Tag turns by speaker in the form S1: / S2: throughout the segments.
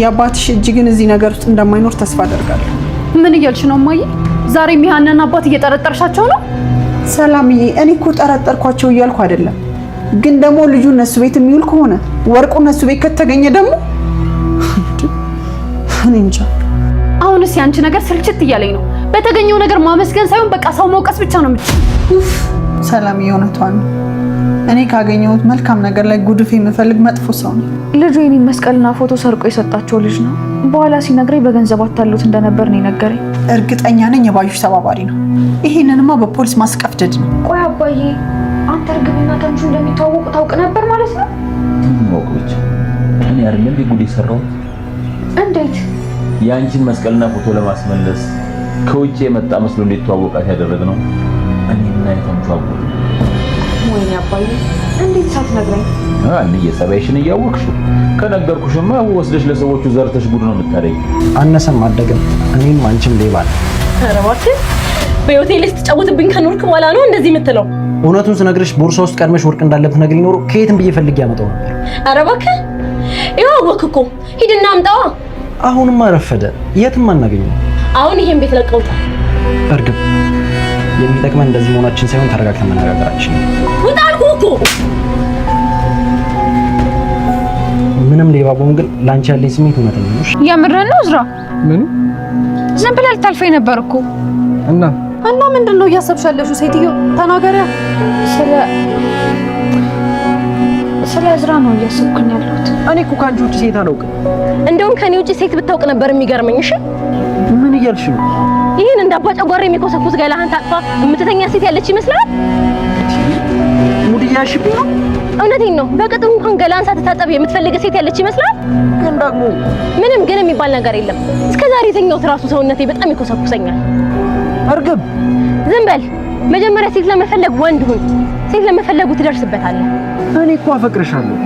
S1: የአባትሽ እጅ ግን እዚህ ነገር ውስጥ እንደማይኖር ተስፋ አደርጋለሁ።
S2: ምን እያልሽ ነው እማዬ? ዛሬም ያንን አባት እየጠረጠርሻቸው ነው?
S1: ሰላምዬ፣ እኔ እኮ ጠረጠርኳቸው እያልኩ አይደለም። ግን ደግሞ ልጁ እነሱ ቤት የሚውል ከሆነ ወርቁ እነሱ ቤት ከተገኘ ደግሞ እኔ እንጃ።
S2: አሁንስ ያንቺ ነገር ስልችት እያለኝ ነው። በተገኘው ነገር ማመስገን ሳይሆን በቃ ሰው መውቀስ ብቻ ነው
S1: ሰላምዬ፣ እውነቷን ነው እኔ ካገኘሁት መልካም ነገር ላይ ጉድፍ የምፈልግ መጥፎ ሰው ነው።
S2: ልጁ የኔን መስቀልና ፎቶ ሰርቆ የሰጣቸው ልጅ ነው። በኋላ ሲነግረኝ በገንዘብ አታሉት እንደነበር ነው የነገረኝ።
S1: እርግጠኛ ነኝ የባዩሽ ተባባሪ ነው። ይህንንማ በፖሊስ ማስቀፍደድ ነው።
S2: ቆይ አባዬ፣ አንተ እርግብና ተምቹ እንደሚታወቁ ታውቅ ነበር ማለት ነው?
S3: ወቆች እኔ አይደለም ጉድ የሰራው እንዴት የአንቺን መስቀልና ፎቶ ለማስመለስ ከውጭ የመጣ መስሎ እንዴት ተዋወቃት ያደረግ ነው እኔና የተምቹ አጎት
S2: ወይኔ አባዬ እንዴት ሳትነግረኝ?
S3: አንዬ ጸባይሽን እያወቅሽ ከነገርኩሽማ ወስደሽ ለሰዎቹ ዘርተሽ ጉድ ነው የምታደርጊ። አነሰም አደግም እኔም አንቺም ሌባ ነን።
S2: ኧረ እባክህ በሆቴል ላይ ስትጫወትብኝ ከኖርክ በኋላ ነው እንደዚህ የምትለው?
S3: እውነቱን ስነግርሽ ቦርሳ ውስጥ ቀድመሽ ወርቅ እንዳለብህ ነገር ኖሮ ከየትም ብዬ ፈልጌ ያመጣው ነበር።
S2: ኧረ እባክህ ይኸው አወቅህ እኮ ሂድና አምጣዋ።
S3: አሁንም አረፈደ። የትም አናገኘው።
S2: አሁን ይሄን ቤት ለቀውጣ
S3: እርግብ የሚጠቅመን እንደዚህ መሆናችን ሳይሆን ተረጋግተን መነጋገራችን ነው።
S2: ውጣ አልኩህ እኮ።
S3: ምንም ሌባ ብሆን ግን ለአንቺ ያለኝ ስሜት እውነት ነው።
S2: የምርህን ነው እዝራ? ምን ዝም ብለህ ልታልፈኝ ነበር እኮ እና እና ምንድን ነው እያሰብሽ ያለሽው ሴትዮ? ተናገሪያ። ስለ ስለ እዝራ ነው እያሰብኩኝ ያለሁት።
S1: እኔ እኮ ከአንቺ ውጭ ሴት አላውቅም።
S2: እንደውም ከኔ ውጭ ሴት ብታውቅ ነበር የሚገርመኝ። እሺ እያልሽ ነው? ይህን እንደ አባጨጓራ የሚኮሰኩስ ገላህን ታጥፋ የምትተኛ ሴት ያለች ይመስላል።
S1: ሙድ እያልሽብኝ ነው?
S2: እውነቴን ነው። በቅጥ እንኳን ገላን ሳትታጠብ የምትፈልግ ሴት ያለች ይመስላል። ግን ደግሞ ምንም ግን የሚባል ነገር የለም። እስከ ዛሬ የተኛሁት ራሱ ሰውነቴ በጣም ይኮሰኩሰኛል። እርግብ ዝም በል። መጀመሪያ ሴት ለመፈለግ ወንድ ሁን። ሴት ለመፈለጉ ትደርስበታለህ።
S1: እኔ እኮ አፈቅርሻለሁ።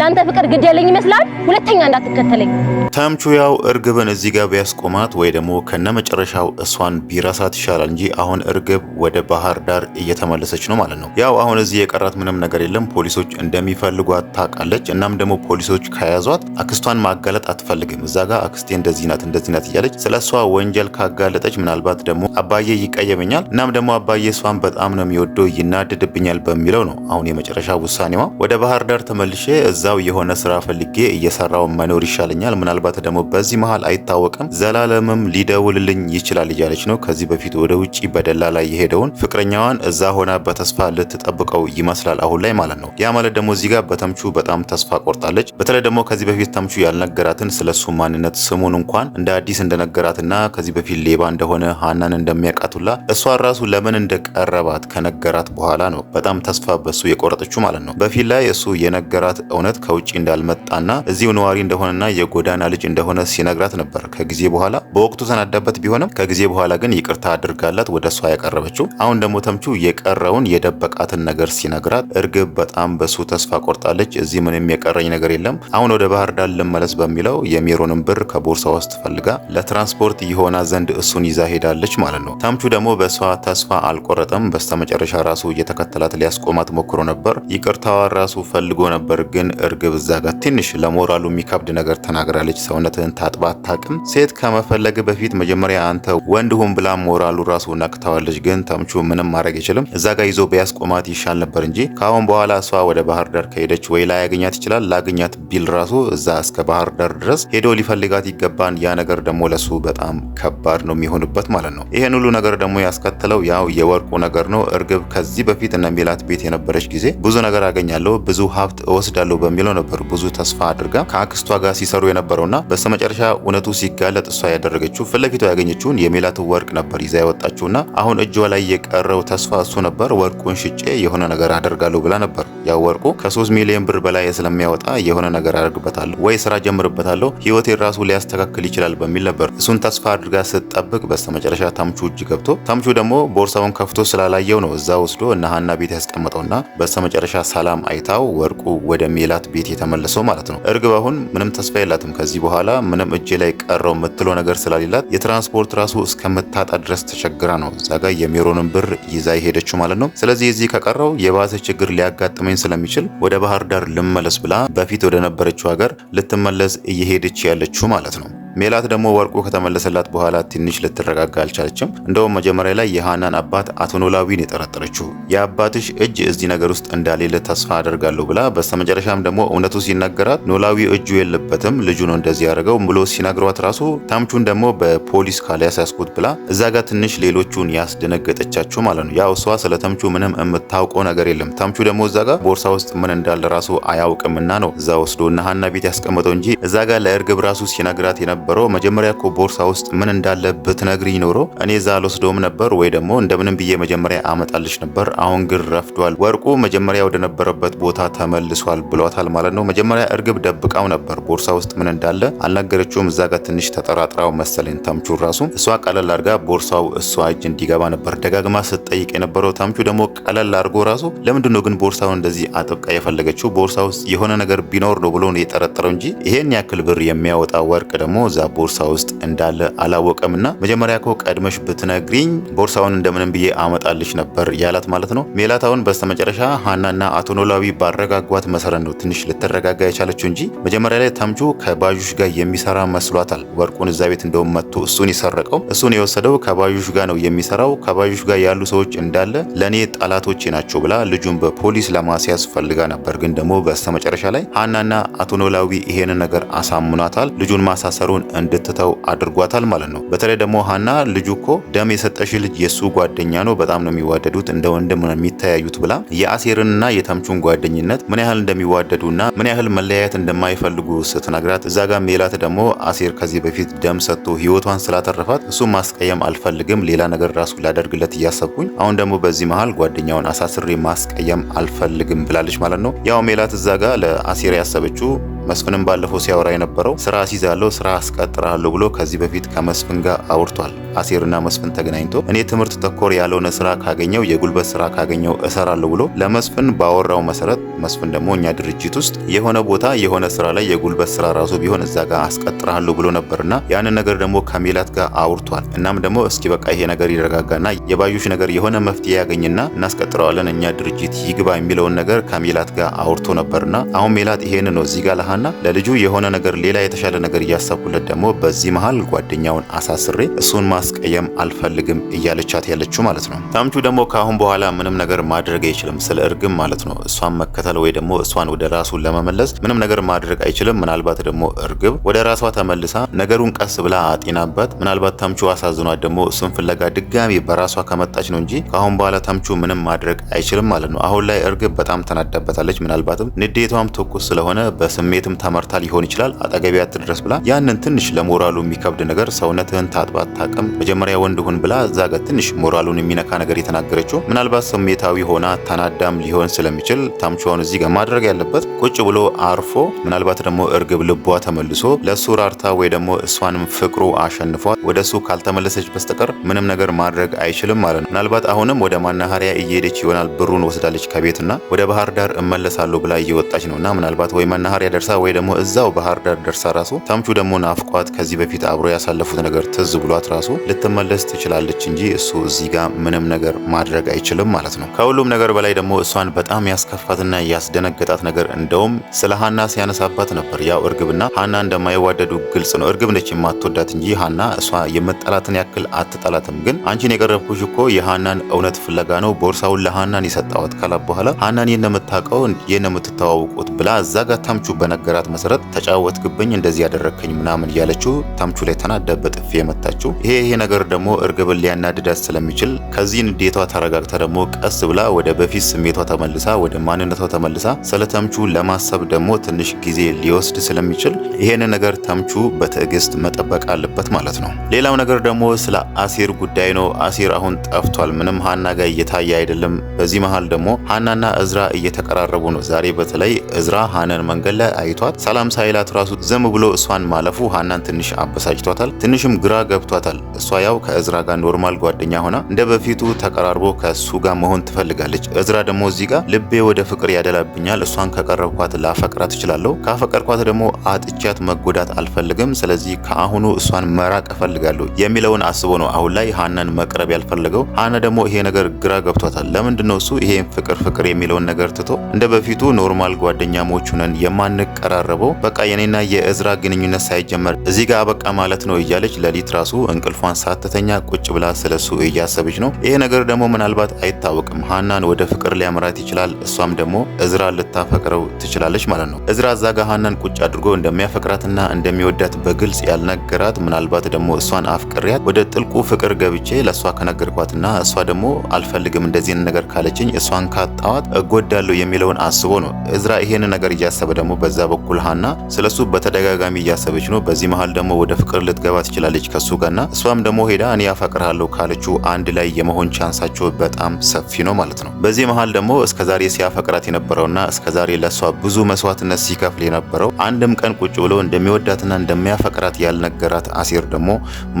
S2: ለአንተ ፍቅር ግድ ያለኝ ይመስላል። ሁለተኛ እንዳትከተለኝ
S4: ታምቹ ያው እርግብን እዚህ ጋር ቢያስቆማት ወይ ደግሞ ከነመጨረሻው እሷን ቢረሳት ይሻላል እንጂ አሁን እርግብ ወደ ባህር ዳር እየተመለሰች ነው ማለት ነው። ያው አሁን እዚህ የቀራት ምንም ነገር የለም። ፖሊሶች እንደሚፈልጓት ታውቃለች። እናም ደግሞ ፖሊሶች ከያዟት አክስቷን ማጋለጥ አትፈልግም። እዛ ጋር አክስቴ እንደዚህ ናት እንደዚህ ናት እያለች ስለ እሷ ወንጀል ካጋለጠች ምናልባት ደግሞ አባዬ ይቀየመኛል፣ እናም ደግሞ አባዬ እሷን በጣም ነው የሚወደው ይናደድብኛል በሚለው ነው አሁን የመጨረሻ ውሳኔዋ። ወደ ባህር ዳር ተመልሼ እዛው የሆነ ስራ ፈልጌ እየሰራው መኖር ይሻለኛል ምናልባት ምናልባት ደግሞ በዚህ መሀል አይታወቅም ዘላለምም ሊደውልልኝ ይችላል እያለች ነው። ከዚህ በፊት ወደ ውጭ በደላ ላይ የሄደውን ፍቅረኛዋን እዛ ሆና በተስፋ ልትጠብቀው ይመስላል አሁን ላይ ማለት ነው። ያ ማለት ደግሞ እዚህ ጋር በተምቹ በጣም ተስፋ ቆርጣለች። በተለይ ደግሞ ከዚህ በፊት ተምቹ ያልነገራትን ስለ ማንነት ስሙን እንኳን እንደ አዲስ እንደነገራትና ከዚህ በፊት ሌባ እንደሆነ ሀናን እንደሚያውቃቱላ እሷን ራሱ ለምን እንደቀረባት ከነገራት በኋላ ነው በጣም ተስፋ በሱ የቆረጠችው ማለት ነው። በፊት ላይ እሱ የነገራት እውነት ከውጭ እንዳልመጣና እዚሁ ነዋሪ እንደሆነና የጎዳና ልጅ እንደሆነ ሲነግራት ነበር ከጊዜ በኋላ በወቅቱ ተናዳበት ቢሆንም ከጊዜ በኋላ ግን ይቅርታ አድርጋላት ወደ እሷ ያቀረበችው። አሁን ደግሞ ተምቹ የቀረውን የደበቃትን ነገር ሲነግራት እርግብ በጣም በሱ ተስፋ ቆርጣለች። እዚህ ምንም የቀረኝ ነገር የለም አሁን ወደ ባህር ዳር ልመለስ በሚለው የሚሮንን ብር ከቦርሳ ውስጥ ፈልጋ ለትራንስፖርት ይሆና ዘንድ እሱን ይዛ ሄዳለች ማለት ነው። ተምቹ ደግሞ በእሷ ተስፋ አልቆረጠም። በስተመጨረሻ ራሱ እየተከተላት ሊያስቆማት ሞክሮ ነበር። ይቅርታዋ ራሱ ፈልጎ ነበር፣ ግን እርግብ እዛ ጋር ትንሽ ለሞራሉ የሚከብድ ነገር ተናግራለች። ሴቶች ሰውነትህን ታጥባ አታቅም። ሴት ከመፈለግ በፊት መጀመሪያ አንተ ወንድ ሁን ብላ ሞራሉ ራሱ ነክታዋለች። ግን ተምቹ ምንም ማድረግ አይችልም። እዛ ጋ ይዞ ቢያስቆማት ይሻል ነበር እንጂ ካሁን በኋላ እሷ ወደ ባህር ዳር ከሄደች ወይ ያገኛት ይችላል። ላገኛት ቢል ራሱ እዛ እስከ ባህር ዳር ድረስ ሄዶ ሊፈልጋት ይገባን። ያ ነገር ደግሞ ለሱ በጣም ከባድ ነው የሚሆንበት ማለት ነው። ይሄን ሁሉ ነገር ደግሞ ያስከተለው ያው የወርቁ ነገር ነው። እርግብ ከዚህ በፊት እነ ሚላት ቤት የነበረች ጊዜ ብዙ ነገር አገኛለሁ፣ ብዙ ሀብት እወስዳለሁ በሚለው ነበር ብዙ ተስፋ አድርጋ ከአክስቷ ጋር ሲሰሩ የነበረው ነውና በስተመጨረሻ እውነቱ ሲጋለጥ እሷ ያደረገችው ፊትለፊቷ ያገኘችውን የሜላት ወርቅ ነበር ይዛ ያወጣችውና አሁን እጇ ላይ የቀረው ተስፋ እሱ ነበር። ወርቁን ሽጬ የሆነ ነገር አደርጋለሁ ብላ ነበር። ያው ወርቁ ከ3 ሚሊዮን ብር በላይ ስለሚያወጣ የሆነ ነገር አደርግበታለሁ ወይ ስራ ጀምርበታለሁ፣ ህይወቴ ራሱ ሊያስተካክል ይችላል በሚል ነበር እሱን ተስፋ አድርጋ ስትጠብቅ በስተመጨረሻ ታምቹ እጅ ገብቶ ታምቹ ደግሞ ቦርሳውን ከፍቶ ስላላየው ነው እዛ ወስዶ እና ሀና ቤት ያስቀመጠውና በስተመጨረሻ ሰላም አይታው ወርቁ ወደ ሜላት ቤት የተመለሰው ማለት ነው። እርግብ አሁን ምንም ተስፋ የላትም ከዚህ ከዚህ በኋላ ምንም እጅ ላይ ቀረው የምትለው ነገር ስለሌላት የትራንስፖርት ራሱ እስከምታጣ ድረስ ተቸግራ ነው እዛ ጋር የሚሮንን ብር ይዛ የሄደችው ማለት ነው። ስለዚህ እዚህ ከቀረው የባሰ ችግር ሊያጋጥመኝ ስለሚችል ወደ ባህር ዳር ልመለስ ብላ በፊት ወደነበረችው ሀገር ልትመለስ እየሄደች ያለችው ማለት ነው። ሜላት ደግሞ ወርቁ ከተመለሰላት በኋላ ትንሽ ልትረጋጋ አልቻለችም። እንደውም መጀመሪያ ላይ የሃናን አባት አቶ ኖላዊን የጠረጠረችው የአባትሽ እጅ እዚህ ነገር ውስጥ እንዳሌለ ተስፋ አደርጋለሁ ብላ በስተመጨረሻም ደግሞ እውነቱ ሲነገራት ኖላዊ እጁ የለበትም ልጁ ነው እንደዚህ ያደረገው ብሎ ሲነግሯት ራሱ ታምቹን ደግሞ በፖሊስ ካልያስያዝኩት ብላ እዛ ጋር ትንሽ ሌሎቹን ያስደነገጠቻቸው ማለት ነው። ያው እሷ ስለ ተምቹ ምንም የምታውቀው ነገር የለም። ተምቹ ደግሞ እዛ ጋር ቦርሳ ውስጥ ምን እንዳለ ራሱ አያውቅምና ነው እዛ ወስዶ እነ ሀና ቤት ያስቀመጠው እንጂ እዛ ጋር ለእርግብ ራሱ ሲነግራት የነበ ነበረው። መጀመሪያ እኮ ቦርሳ ውስጥ ምን እንዳለ ብትነግሪኝ ኖሮ እኔ እዛ አልወስደውም ነበር፣ ወይ ደግሞ እንደምንም ብዬ መጀመሪያ አመጣልሽ ነበር። አሁን ግን ረፍዷል። ወርቁ መጀመሪያ ወደነበረበት ቦታ ተመልሷል ብሏታል ማለት ነው። መጀመሪያ እርግብ ደብቃው ነበር፣ ቦርሳ ውስጥ ምን እንዳለ አልነገረችውም። እዛ ጋር ትንሽ ተጠራጥራው መሰለኝ ታምቹ ራሱ እሷ ቀለል አድርጋ ቦርሳው እሷ እጅ እንዲገባ ነበር ደጋግማ ስትጠይቅ የነበረው። ታምቹ ደግሞ ቀለል አድርጎ ራሱ ለምንድን ነው ግን ቦርሳውን እንደዚህ አጥብቃ የፈለገችው ቦርሳ ውስጥ የሆነ ነገር ቢኖር ነው ብሎ የጠረጠረው እንጂ ይሄን ያክል ብር የሚያወጣ ወርቅ ደግሞ በዛ ቦርሳ ውስጥ እንዳለ አላወቀምና መጀመሪያ ኮ ቀድመሽ ብትነግሪኝ ቦርሳውን እንደምንም ብዬ አመጣልሽ ነበር ያላት ማለት ነው። ሜላታውን በስተመጨረሻ ሀናና አቶ ኖላዊ ባረጋጓት መሰረት ነው ትንሽ ልትረጋጋ የቻለችው እንጂ መጀመሪያ ላይ ተምቹ ከባዥሽ ጋር የሚሰራ መስሏታል። ወርቁን እዛ ቤት እንደውም መጥቶ እሱን የሰረቀው እሱን የወሰደው ከባዦሽ ጋር ነው የሚሰራው። ከባዥሽ ጋር ያሉ ሰዎች እንዳለ ለእኔ ጠላቶቼ ናቸው ብላ ልጁን በፖሊስ ለማስያዝ ፈልጋ ነበር። ግን ደግሞ በስተመጨረሻ ላይ ሀናና አቶ ኖላዊ ይሄንን ነገር አሳምኗታል። ልጁን ማሳሰሩ ጓደኛውን እንድትተው አድርጓታል ማለት ነው። በተለይ ደግሞ ሀና ልጁ እኮ ደም የሰጠሽ ልጅ የእሱ ጓደኛ ነው፣ በጣም ነው የሚዋደዱት፣ እንደ ወንድም ነው የሚተያዩት ብላ የአሴርንና የተምቹን ጓደኝነት ምን ያህል እንደሚዋደዱና ምን ያህል መለያየት እንደማይፈልጉ ስትነግራት እዛ ጋር ሜላት ደግሞ አሴር ከዚህ በፊት ደም ሰጥቶ ህይወቷን ስላተረፋት እሱ ማስቀየም አልፈልግም፣ ሌላ ነገር ራሱ ላደርግለት እያሰብኩኝ አሁን ደግሞ በዚህ መሀል ጓደኛውን አሳስሬ ማስቀየም አልፈልግም ብላለች ማለት ነው። ያው ሜላት እዛ ጋር ለአሴር ያሰበችው መስፍንም ባለፈው ሲያወራ የነበረው ስራ አስይዛለሁ፣ ስራ አስቀጥራለሁ ብሎ ከዚህ በፊት ከመስፍን ጋር አውርቷል። አሴርና መስፍን ተገናኝቶ እኔ ትምህርት ተኮር ያልሆነ ስራ ካገኘው የጉልበት ስራ ካገኘው እሰራለሁ ብሎ ለመስፍን ባወራው መሰረት መስፍን ደግሞ እኛ ድርጅት ውስጥ የሆነ ቦታ የሆነ ስራ ላይ የጉልበት ስራ ራሱ ቢሆን እዛ ጋር አስቀጥራለሁ ብሎ ነበርና ያንን ነገር ደግሞ ከሜላት ጋር አውርቷል። እናም ደግሞ እስኪ በቃ ይሄ ነገር ይረጋጋና የባዩሽ ነገር የሆነ መፍትሄ ያገኝና እናስቀጥረዋለን እኛ ድርጅት ይግባ የሚለውን ነገር ከሜላት ጋር አውርቶ ነበርና አሁን ሜላት ይሄን ነው እዚህ ጋር ለሀና ለልጁ የሆነ ነገር ሌላ የተሻለ ነገር እያሰብኩለት ደግሞ በዚህ መሀል ጓደኛውን አሳስሬ እሱን ማስ ማስቀየም አልፈልግም እያለቻት ያለችው ማለት ነው። ታምቹ ደግሞ ከአሁን በኋላ ምንም ነገር ማድረግ አይችልም ስለ እርግም ማለት ነው። እሷን መከተል ወይ ደግሞ እሷን ወደ ራሱ ለመመለስ ምንም ነገር ማድረግ አይችልም። ምናልባት ደግሞ እርግብ ወደ ራሷ ተመልሳ ነገሩን ቀስ ብላ አጤናበት። ምናልባት ታምቹ አሳዝኗት ደግሞ እሱን ፍለጋ ድጋሚ በራሷ ከመጣች ነው እንጂ ከአሁን በኋላ ታምቹ ምንም ማድረግ አይችልም ማለት ነው። አሁን ላይ እርግብ በጣም ተናዳበታለች። ምናልባትም ንዴቷም ትኩስ ስለሆነ በስሜትም ተመርታ ሊሆን ይችላል። አጠገቢያ ትድረስ ብላ ያንን ትንሽ ለሞራሉ የሚከብድ ነገር ሰውነትህን ታጥባት ታቅም መጀመሪያ ወንድ ሁን ብላ እዛ ጋር ትንሽ ሞራሉን የሚነካ ነገር የተናገረችው ምናልባት ስሜታዊ ሆና ተናዳም ሊሆን ስለሚችል ታምቹዋን እዚህ ጋር ማድረግ ያለበት ቁጭ ብሎ አርፎ ምናልባት ደግሞ እርግብ ልቧ ተመልሶ ለእሱ ራርታ ወይ ደግሞ እሷንም ፍቅሩ አሸንፏ ወደ እሱ ካልተመለሰች በስተቀር ምንም ነገር ማድረግ አይችልም ማለት ነው። ምናልባት አሁንም ወደ ማናሃሪያ እየሄደች ይሆናል ብሩን ወስዳለች ከቤትና ወደ ባህር ዳር እመለሳለሁ ብላ እየወጣች ነው እና ምናልባት ወይ መናኸሪያ ደርሳ ወይ ደግሞ እዛው ባህር ዳር ደርሳ ራሱ ታምቹ ደግሞ ናፍቋት ከዚህ በፊት አብሮ ያሳለፉት ነገር ትዝ ብሏት ራሱ ልትመለስ ትችላለች እንጂ እሱ እዚህ ጋር ምንም ነገር ማድረግ አይችልም ማለት ነው። ከሁሉም ነገር በላይ ደግሞ እሷን በጣም ያስከፋትና ያስደነገጣት ነገር እንደውም ስለ ሀና ሲያነሳባት ነበር። ያው እርግብና ሀና እንደማይዋደዱ ግልጽ ነው። እርግብ ነች የማትወዳት እንጂ ሀና እሷ የምጠላትን ያክል አትጠላትም። ግን አንቺን የቀረብኩሽ እኮ የሀናን እውነት ፍለጋ ነው፣ ቦርሳውን ለሀናን የሰጣዋት ካላት በኋላ ሀናን የነምታውቀው የነምትተዋውቁት ብላ እዛ ጋር ታምቹ በነገራት መሰረት ተጫወትክብኝ፣ እንደዚህ ያደረግከኝ ምናምን እያለችው ታምቹ ላይ ተናዳ በጥፊ የመታችው ይሄ ይሄ ነገር ደግሞ እርግብን ሊያናድዳት ስለሚችል ከዚህ ንዴቷ ተረጋግታ ደግሞ ቀስ ብላ ወደ በፊት ስሜቷ ተመልሳ ወደ ማንነቷ ተመልሳ ስለ ተምቹ ለማሰብ ደግሞ ትንሽ ጊዜ ሊወስድ ስለሚችል ይሄን ነገር ተምቹ በትዕግስት መጠበቅ አለበት ማለት ነው። ሌላው ነገር ደግሞ ስለ አሲር ጉዳይ ነው። አሲር አሁን ጠፍቷል። ምንም ሀና ጋር እየታየ አይደለም። በዚህ መሀል ደግሞ ሀናና እዝራ እየተቀራረቡ ነው። ዛሬ በተለይ እዝራ ሀናን መንገድ ላይ አይቷት ሰላም ሳይላት ራሱ ዝም ብሎ እሷን ማለፉ ሀናን ትንሽ አበሳጭቷታል። ትንሽም ግራ ገብቷታል። እሷ ያው ከእዝራ ጋር ኖርማል ጓደኛ ሆና እንደ በፊቱ ተቀራርቦ ከእሱ ጋር መሆን ትፈልጋለች። እዝራ ደግሞ እዚህ ጋር ልቤ ወደ ፍቅር ያደላብኛል፣ እሷን ከቀረብኳት ላፈቅራት እችላለሁ፣ ካፈቀርኳት ደግሞ አጥቻት መጎዳት አልፈልግም፣ ስለዚህ ከአሁኑ እሷን መራቅ እፈልጋለሁ የሚለውን አስቦ ነው አሁን ላይ ሀናን መቅረብ ያልፈለገው። ሀና ደግሞ ይሄ ነገር ግራ ገብቷታል። ለምንድን ነው እሱ ይሄን ፍቅር ፍቅር የሚለውን ነገር ትቶ እንደ በፊቱ ኖርማል ጓደኛሞች ሁነን የማንቀራረበው በቃ የኔና የእዝራ ግንኙነት ሳይጀመር እዚህ ጋር በቃ ማለት ነው እያለች ለሊት ራሱ እንቅልፏ እንኳን ሳትተኛ ቁጭ ብላ ስለሱ እያሰበች ነው። ይሄ ነገር ደግሞ ምናልባት አይታወቅም ሀናን ወደ ፍቅር ሊያመራት ይችላል። እሷም ደግሞ እዝራ ልታፈቅረው ትችላለች ማለት ነው። እዝራ እዛ ጋ ሀናን ቁጭ አድርጎ እንደሚያፈቅራትና እንደሚወዳት በግልጽ ያልነገራት ምናልባት ደግሞ እሷን አፍቅሪያት ወደ ጥልቁ ፍቅር ገብቼ ለእሷ ከነገርኳትና እሷ ደግሞ አልፈልግም እንደዚህን ነገር ካለችኝ እሷን ካጣዋት እጎዳለሁ የሚለውን አስቦ ነው እዝራ ይሄን ነገር እያሰበ ደግሞ በዛ በኩል ሀና ስለሱ በተደጋጋሚ እያሰበች ነው። በዚህ መሀል ደግሞ ወደ ፍቅር ልትገባ ትችላለች ከሱ ጋርና እሷም ደግሞ ሄዳ እኔ ያፈቅርሃለሁ ካለችው አንድ ላይ የመሆን ቻንሳቸው በጣም ሰፊ ነው ማለት ነው። በዚህ መሀል ደግሞ እስከዛሬ ሲያፈቅራት የነበረውና እስከዛሬ ለእሷ ብዙ መስዋዕትነት ሲከፍል የነበረው አንድም ቀን ቁጭ ብሎ እንደሚወዳትና እንደሚያፈቅራት ያልነገራት አሴር ደግሞ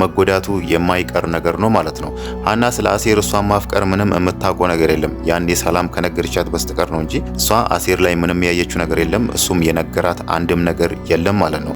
S4: መጎዳቱ የማይቀር ነገር ነው ማለት ነው። ሀና ስለ አሴር እሷን ማፍቀር ምንም የምታውቀው ነገር የለም። ያኔ ሰላም ከነገርቻት በስተቀር ነው እንጂ እሷ አሴር ላይ ምንም ያየችው ነገር የለም። እሱም የነገራት አንድም ነገር የለም ማለት ነው።